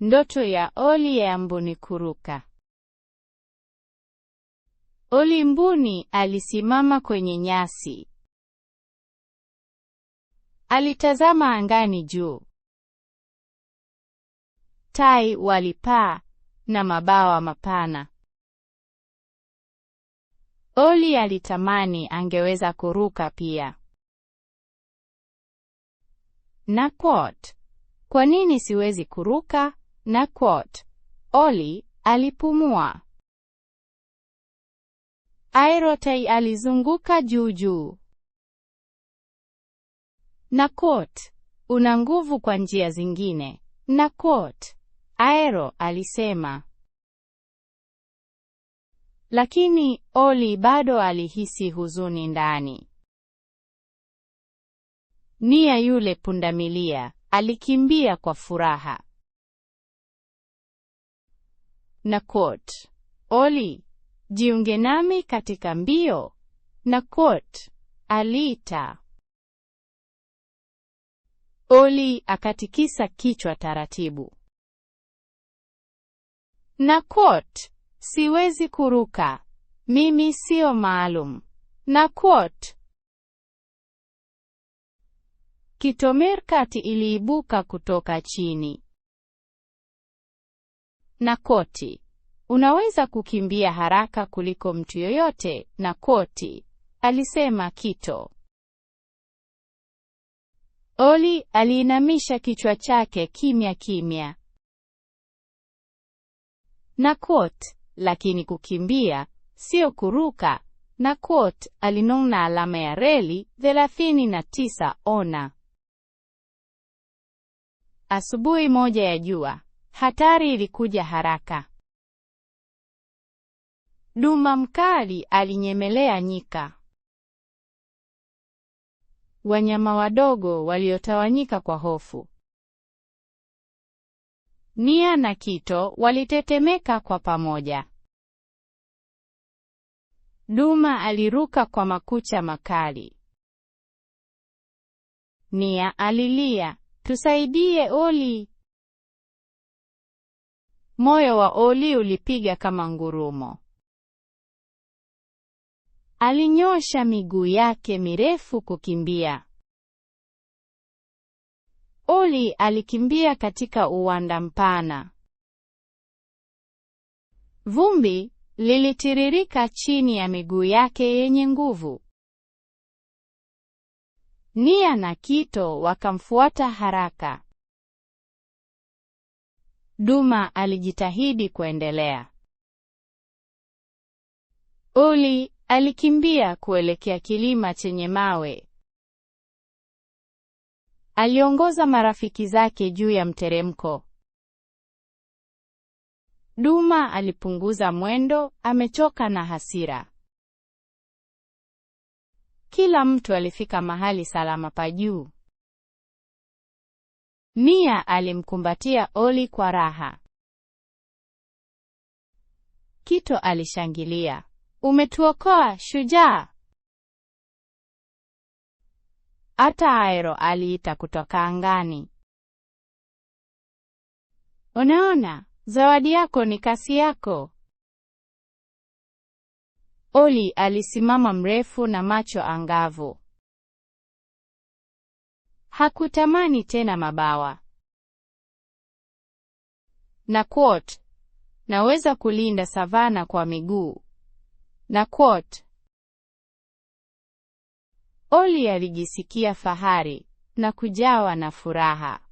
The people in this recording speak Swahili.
Ndoto ya oli ya Mbuni kuruka. oli Mbuni alisimama kwenye nyasi. Alitazama angani juu. Tai walipaa na mabawa mapana. Oli alitamani angeweza kuruka pia. Na quote, kwa nini siwezi kuruka? na quote, Oli alipumua. Airotei alizunguka juu juu. Na quote, una nguvu kwa njia zingine. Na quote, Aero alisema. Lakini Oli bado alihisi huzuni ndani. Nia yule pundamilia alikimbia kwa furaha na quote, Oli, jiunge nami katika mbio na quote, aliita. Oli akatikisa kichwa taratibu na quote, siwezi kuruka, mimi sio maalum na quote. Kitomerkati iliibuka kutoka chini na koti. Unaweza kukimbia haraka kuliko mtu yoyote na koti, alisema Kito. Oli aliinamisha kichwa chake kimya kimya. Na koti, lakini kukimbia sio kuruka. Na koti alinong'ona alama ya reli 39 ona. Asubuhi moja ya jua Hatari ilikuja haraka. Duma mkali alinyemelea nyika. Wanyama wadogo waliotawanyika kwa hofu. Nia na Kito walitetemeka kwa pamoja. Duma aliruka kwa makucha makali. Nia alilia, "Tusaidie oli Moyo wa oli ulipiga kama ngurumo. Alinyosha miguu yake mirefu kukimbia. Oli alikimbia katika uwanda mpana. Vumbi lilitiririka chini ya miguu yake yenye nguvu. Nia na Kito wakamfuata haraka. Duma alijitahidi kuendelea. Olly alikimbia kuelekea kilima chenye mawe. Aliongoza marafiki zake juu ya mteremko. Duma alipunguza mwendo, amechoka na hasira. Kila mtu alifika mahali salama pa juu. Mia alimkumbatia oli kwa raha. Kito alishangilia. Umetuokoa shujaa! Hata Aero aliita kutoka angani. Unaona, zawadi yako ni kasi yako. oli alisimama mrefu na macho angavu. Hakutamani tena mabawa. Na quote, naweza kulinda savana kwa miguu. Na quote, Oli alijisikia fahari na kujawa na furaha.